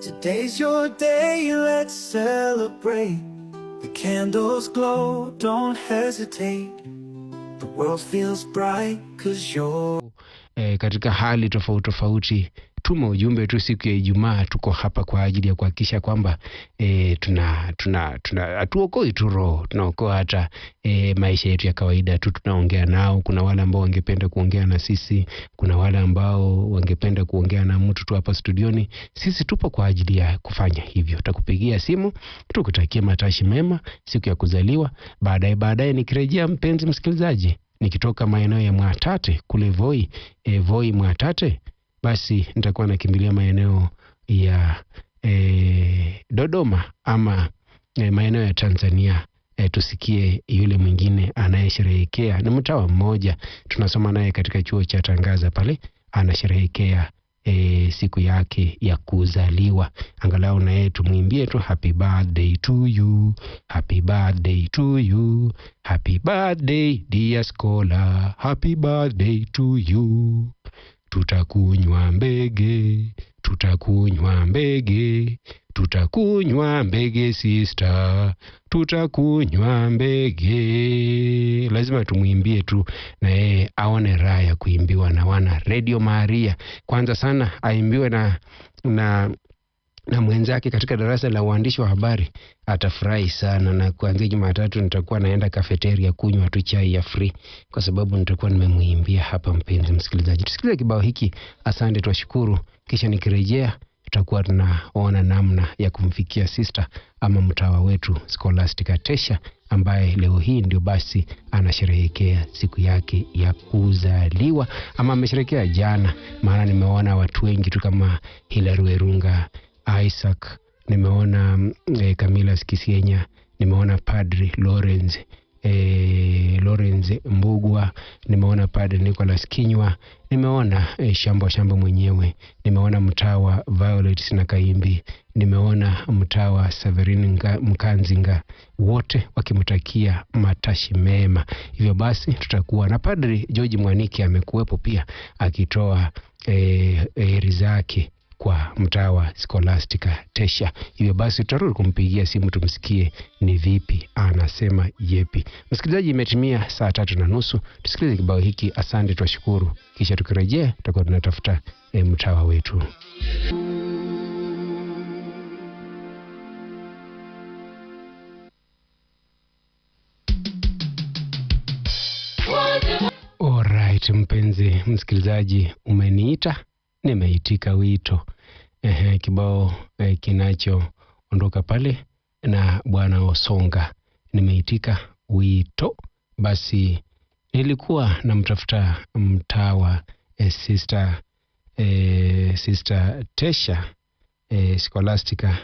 Today's your day, let's celebrate. The candles glow, don't hesitate. The world feels bright, cause you're. E, eh, katika hali tofauti tofauti tuma ujumbe tu siku ya Ijumaa. Tuko hapa kwa ajili ya kuhakikisha kwamba e, tuna tuna tuna hatuokoi tu roho, tunaokoa hata e, maisha yetu ya kawaida tu. Tunaongea nao, kuna wale ambao wangependa kuongea na sisi, kuna wale ambao wangependa kuongea na mtu tu hapa studioni. Sisi tupo kwa ajili ya kufanya hivyo. Tutakupigia simu tukutakia matashi mema siku ya kuzaliwa. Baadaye baadaye nikirejea, mpenzi msikilizaji, nikitoka maeneo ya Mwatate kule Voi, e, Voi Mwatate basi nitakuwa nakimbilia maeneo ya e, Dodoma ama e, maeneo ya Tanzania. E, tusikie yule mwingine anayesherehekea, ni mtawa mmoja tunasoma naye katika chuo cha Tangaza pale, anasherehekea e, siku yake ya kuzaliwa. Angalau na yeye tumwimbie tu happy birthday to you, happy birthday to you, happy birthday dear scholar, happy birthday to you Tutakunywa mbege, tutakunywa mbege, tutakunywa mbege sister, tutakunywa mbege. Lazima tumwimbie tu na yeye aone raha ya kuimbiwa na wana Radio Maria. Kwanza sana aimbiwe na na na mwenzake katika darasa la uandishi wa habari atafurahi sana, na kuanzia Jumatatu nitakuwa naenda kafeteria kunywa tu chai ya free, kwa sababu nitakuwa nimemuimbia hapa. Mpenzi msikilizaji, tusikilize kibao hiki, asante, twashukuru, kisha nikirejea tutakuwa tunaona namna ya kumfikia sister ama mtawa wetu Scholastica Tesha ambaye leo hii ndio basi anasherehekea siku yake ya kuzaliwa, ama amesherehekea jana, maana nimeona watu wengi tu kama Hilary Werunga Isaac, nimeona e, eh, Camila Skisienya, nimeona Padri Lawrence E, Lawrence Mbugwa, nimeona Padre Nicholas Kinywa, nimeona e, Shambo Shambo mwenyewe, nimeona mtawa Violet na Kaimbi, nimeona mtawa Severine Mkanzinga, wote wakimtakia matashi mema. Hivyo basi tutakuwa na Padri George Mwaniki amekuwepo pia akitoa heri e, zake kwa mtaa wa Scholastica Tesha. Hivyo basi tutarudi kumpigia simu tumsikie ni vipi anasema yepi. Msikilizaji, imetimia saa tatu na nusu, tusikilize kibao hiki. Asante, twashukuru, kisha tukirejea tutakuwa tunatafuta e, eh, mtawa wetu. Alright, mpenzi msikilizaji, umeniita nimeitika wito. Ehe, kibao e, kinachoondoka pale na Bwana Osonga, nimeitika wito. Basi nilikuwa namtafuta mtawa eh, sister, eh, sister Tesha eh, Scholastica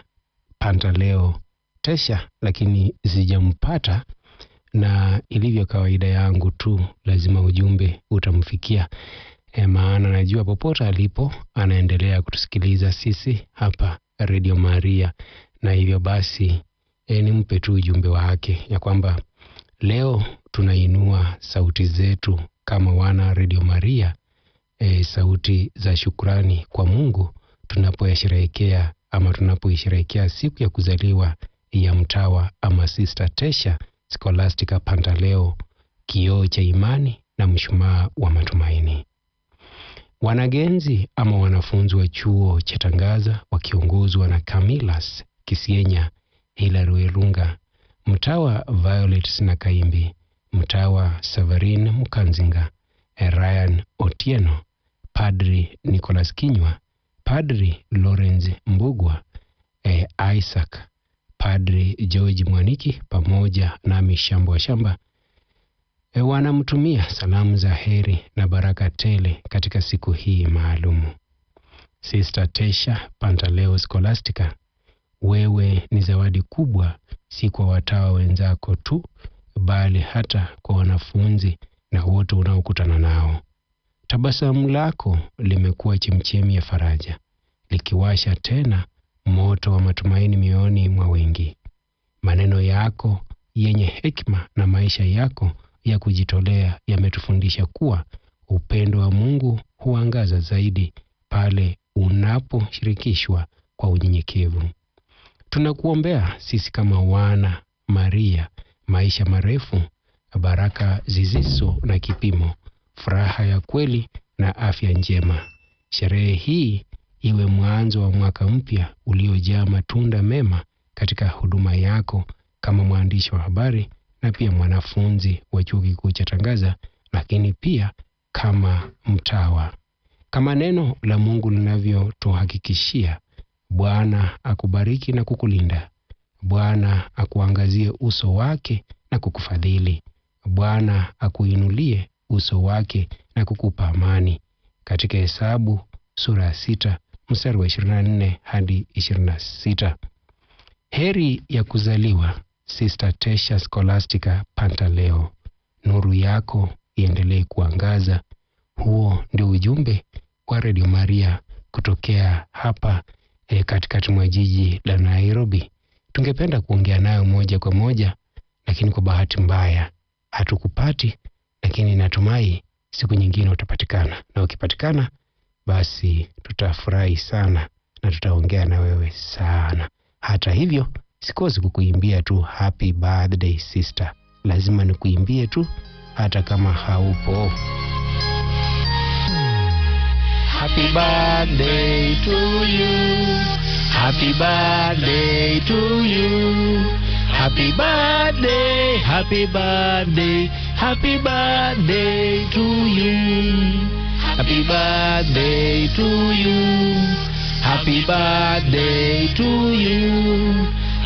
Pantaleo Tesha, lakini sijampata, na ilivyo kawaida yangu tu lazima ujumbe utamfikia e, maana najua popote alipo anaendelea kutusikiliza sisi hapa Radio Maria, na hivyo basi e, nimpe tu ujumbe wake ya kwamba leo tunainua sauti zetu kama wana Radio Maria, e, sauti za shukrani kwa Mungu tunapoyasherehekea ama tunapoisherehekea siku ya kuzaliwa ya mtawa ama Sister Tesha Scholastica Pantaleo, kioo cha imani na mshumaa wa matumaini. Wanagenzi ama wanafunzi wa chuo cha Tangaza wakiongozwa na camillas Kisienya, Hilary werunga mtawa Violet Sinakaimbi, mtawa Severin Mukanzinga, Ryan Otieno, Padri Nicholas Kinywa, Padri Lawrence Mbugwa, eh, Isaac, Padri George Mwaniki pamoja na Mishambo wa Shamba Eh, wanamtumia salamu za heri na baraka tele katika siku hii maalumu. Sister Tesha Pantaleo Scholastica, wewe ni zawadi kubwa, si kwa watawa wenzako tu, bali hata kwa wanafunzi na wote unaokutana nao. Tabasamu lako limekuwa chemchemi ya faraja, likiwasha tena moto wa matumaini mioyoni mwa wengi. Maneno yako yenye hekima na maisha yako ya kujitolea yametufundisha kuwa upendo wa Mungu huangaza zaidi pale unaposhirikishwa kwa unyenyekevu. Tunakuombea sisi kama wana Maria, maisha marefu, baraka zisizo na kipimo, furaha ya kweli na afya njema. Sherehe hii iwe mwanzo wa mwaka mpya uliojaa matunda mema katika huduma yako kama mwandishi wa habari na pia mwanafunzi wa chuo kikuu cha Tangaza, lakini pia kama mtawa, kama neno la Mungu linavyotuhakikishia. Bwana akubariki na kukulinda. Bwana akuangazie uso wake na kukufadhili. Bwana akuinulie uso wake na kukupa amani. Katika Hesabu sura ya sita mstari wa 24 hadi 26. Heri ya kuzaliwa Sister Tesha Scholastica Pantaleo, nuru yako iendelee kuangaza. Huo ndio ujumbe wa Redio Maria kutokea hapa e, katikati mwa jiji la Nairobi. Tungependa kuongea nayo moja kwa moja, lakini kwa bahati mbaya hatukupati, lakini natumai siku nyingine utapatikana, na ukipatikana basi tutafurahi sana na tutaongea na wewe sana. Hata hivyo sikosi kukuimbia tu happy birthday sister, lazima nikuimbie tu hata kama haupo. Happy birthday to you. Happy birthday to you. Happy birthday, happy birthday, happy birthday to you. Happy birthday to you. Happy birthday to you.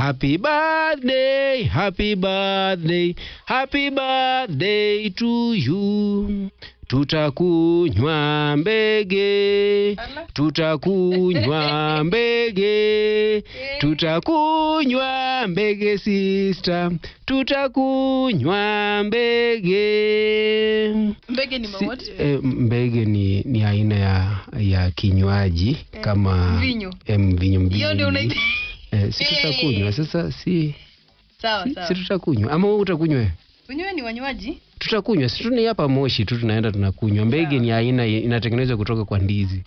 Happy birthday, happy birthday, happy birthday to you. Tutakunywa mbege, tutakunywa mbege, tutakunywa mbege sister, tutakunywa mbege. Mbege ni mawati? Si, eh, mbege ni, ni aina ya, ya kinywaji eh, kama mvinyo, eh, mvinyo, mvinyo eh, si tutakunywa sasa, si sawa si, sawa, si tutakunywa ama wewe utakunywa? Wenyewe ni wanywaji, tutakunywa si tuni hapa Moshi tu tunaenda tunakunywa. Mbege ni aina inatengenezwa kutoka kwa ndizi,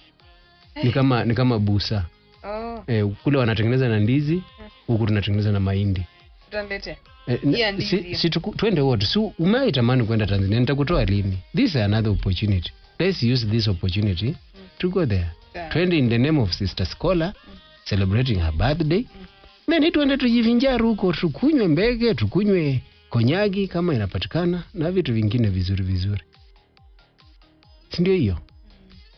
ni kama ni kama busa oh. Eh, kule wanatengeneza na ndizi, hmm. huku tunatengeneza na mahindi. Tutambete eh, na, si, si tuku, wote. Si umeitamani kwenda Tanzania, nitakutoa lini? This is another opportunity, let's use this opportunity hmm. to go there. Twende in the name of Sister Scholar. Hmm celebrating her birthday nani tuende tujivinjaru huko tukunywe mbege tukunywe konyagi kama inapatikana na vitu vingine vizuri vizuri sindio hiyo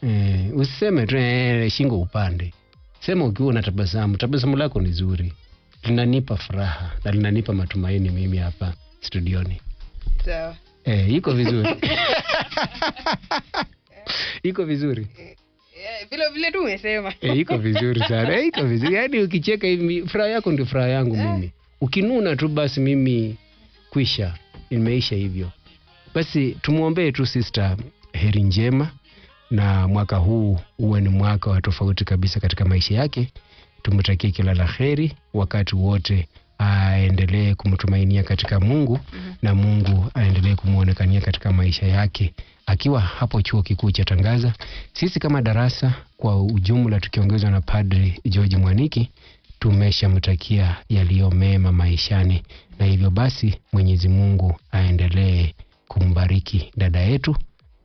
eh, usiseme tu eh, shingo upande sema ukiwa na tabasamu tabasamu lako ni zuri linanipa furaha na linanipa matumaini mimi hapa studioni sawa so. Eh, iko vizuri iko vizuri eh vile vile tu umesema. Eh, iko vizuri sana. Eh, iko vizuri. Yaani ukicheka hivi furaha yako ndio furaha yangu eh. mimi. Ukinuna tu basi mimi kwisha. nimeisha hivyo. Basi tumwombee tu sister heri njema na mwaka huu uwe ni mwaka wa tofauti kabisa katika maisha yake. Tumtakie kila la heri wakati wote, aendelee kumtumainia katika Mungu mm -hmm. na Mungu aendelee kumwonekania katika maisha yake akiwa hapo chuo kikuu cha Tangaza. Sisi kama darasa kwa ujumla tukiongezwa na Padri George Mwaniki tumeshamtakia yaliyo mema maishani, na hivyo basi Mwenyezi Mungu aendelee kumbariki dada yetu,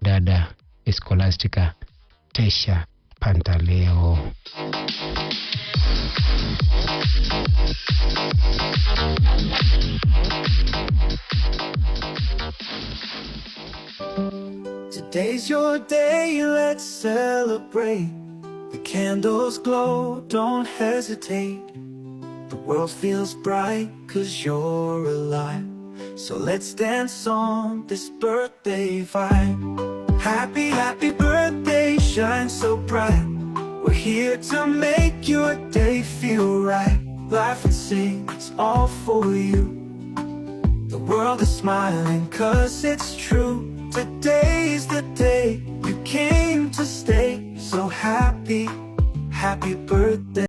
dada Escolastica Tesha Pantaleo. Today's your day, let's celebrate. The candles glow, don't hesitate. The world feels bright, cause you're alive. So let's dance on this birthday vibe. Happy, happy birthday, shine so bright. We're here to make your day feel right. Laugh and sing, it's all for you. The world is smiling, cause it's true. Today's the day you came to stay. So happy, happy birthday.